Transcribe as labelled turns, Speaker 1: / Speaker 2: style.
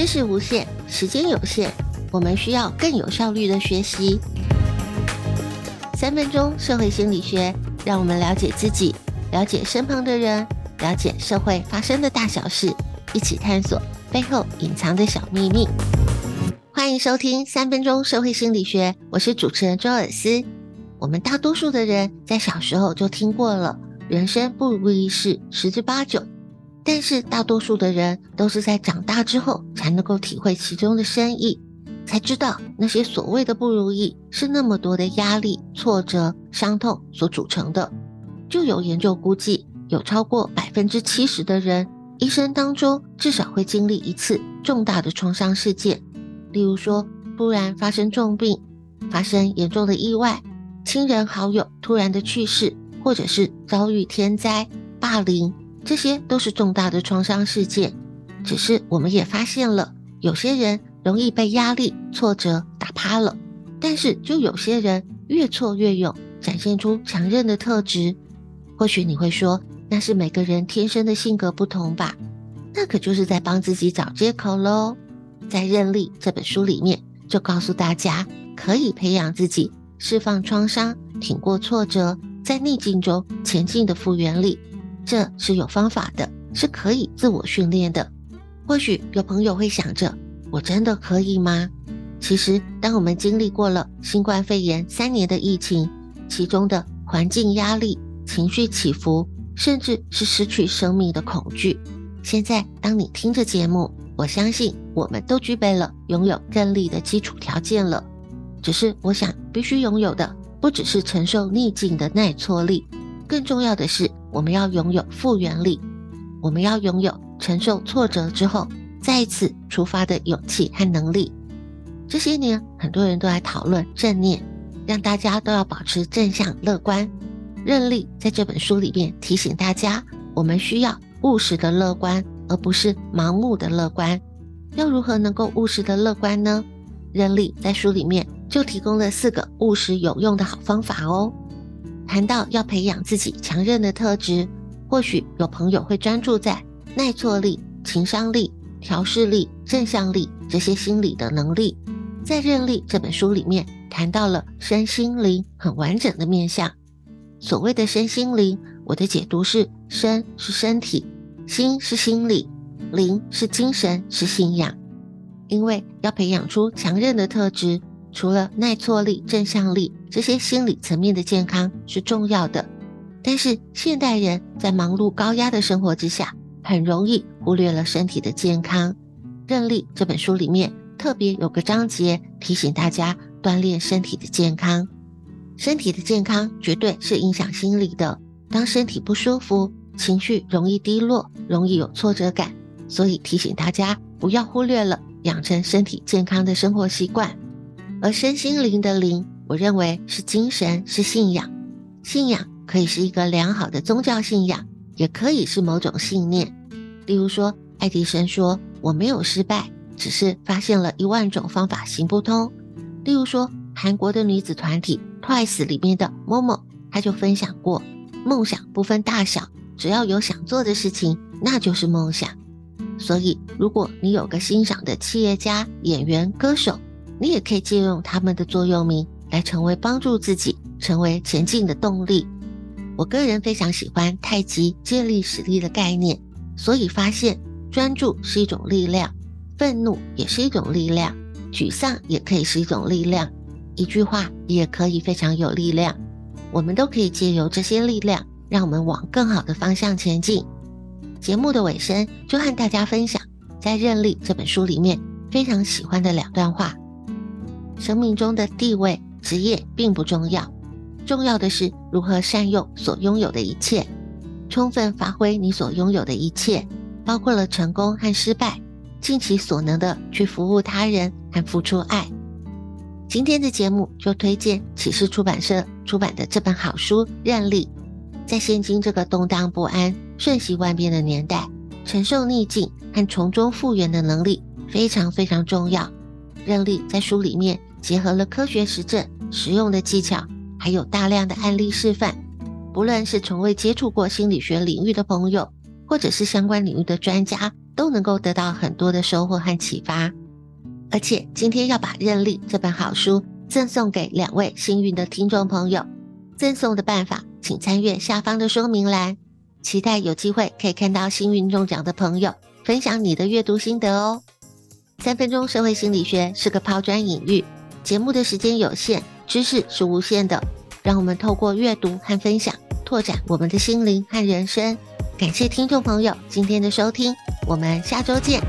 Speaker 1: 知識無限，時間有限，我們需要更有效率的學習。三分鐘社會心理學，讓我們了解自己，了解身旁的人，了解社會發生的大小事，一起探索背後隱藏的小秘密。歡迎收聽三分鐘社會心理學，我是主持人周爾思。我們大多數的人在小時候就聽過了，“人生不如意事十之八九”。但是大多數的人都是在長大之後才能夠體會其中的深意，才知道那些所謂的不如意是那麼多的壓力、挫折、傷痛所組成的。就有研究估計，有超過百分之七十的人一生當中至少會經歷一次重大的創傷事件，例如說突然發生重病、發生嚴重的意外、親人好友突然的去世，或者是遭遇天災、霸凌。這些都是重大的創傷事件，只是我們也發現了，有些人容易被壓力、挫折打趴了，但是就有些人越挫越勇，展現出強韌的特質。或許你會說，那是每個人天生的性格不同吧？那可就是在幫自己找借口嘍。在《韌力》這本書裡面，就告訴大家可以培養自己釋放創傷、挺過挫折，在逆境中前進的復原力。這是有方法的，是可以自我訓練的。或許有朋友會想着：“我真的可以嗎？”其實，當我們經歷過了新冠肺炎三年的疫情，其中的環境壓力、情緒起伏，甚至是失去生命的恐懼，現在當你聽着節目，我相信我們都具備了擁有韌力的基礎條件了。只是我想，必須擁有的不只是承受逆境的耐挫力，更重要的是。我們要擁有復原力，我們要擁有承受挫折之後再一次出發的勇氣和能力。這些年，很多人都在討論正念，讓大家都要保持正向樂觀。韌力在這本書裡面提醒大家，我們需要務實的樂觀，而不是盲目的樂觀。要如何能夠務實的樂觀呢？韌力在書裡面就提供了四個務實有用的好方法哦。談到要培養自己強韌的特質，或許有朋友會專注在耐挫力、情商力、調適力、正向力這些心理的能力。在《韌力》這本書裡面，談到了身心靈很完整的面向。所謂的身心靈，我的解讀是：身是身體，心是心理，靈是精神，是信仰。因為要培養出強韌的特質。除了耐挫力、正向力這些心理層面的健康是重要的，但是現代人在忙碌、高壓的生活之下，很容易忽略了身體的健康。《韌力》這本書裡面特別有個章節提醒大家鍛鍊身體的健康。身體的健康絕對是影響心理的。當身體不舒服，情緒容易低落，容易有挫折感。所以提醒大家不要忽略了，養成身體健康的生活習慣。而身心靈的靈，我認為是精神，是信仰。信仰可以是一個良好的宗教信仰，也可以是某種信念。例如說，愛迪生說：“我沒有失敗，只是發現了一萬種方法行不通。”例如說，韓國的女子團體 TWICE 裡面的 MOMO，她就分享過：夢想不分大小，只要有想做的事情，那就是夢想。所以，如果你有個欣賞的企業家、演員、歌手，你也可以借用他們的座右銘來成為幫助自己、成為前進的動力。我個人非常喜歡太極借力使力的概念，所以發現專注是一種力量，憤怒也是一種力量，沮喪也可以是一種力量，一句話也可以非常有力量。我們都可以借由這些力量，讓我們往更好的方向前進。節目的尾聲，就和大家分享在《韌力》這本書裡面非常喜歡的兩段話。生命中的地位、職業並不重要，重要的是如何善用所擁有的一切，充分發揮你所擁有的一切，包括了成功和失敗，盡其所能的去服務他人和付出愛。今天的節目就推薦啟示出版社出版的這本好書《韌力》。在現今這個動盪不安、瞬息萬變的年代，承受逆境和從中復原的能力非常非常重要。韌力在書裡面。結合了科學實證、實用的技巧，還有大量的案例示範。不論是從未接觸過心理學領域的朋友，或者是相關領域的專家，都能夠得到很多的收穫和啟發。而且今天要把《韌力》這本好書贈送給兩位幸運的聽眾朋友。贈送的辦法，請參閱下方的說明欄。期待有機會可以看到幸運中獎的朋友分享你的閱讀心得哦。三分鐘社會心理學是個拋磚引玉。節目的時間有限，知識是無限的，讓我們透過閱讀和分享，拓展我們的心靈和人生。感謝聽眾朋友今天的收聽，我們下周見。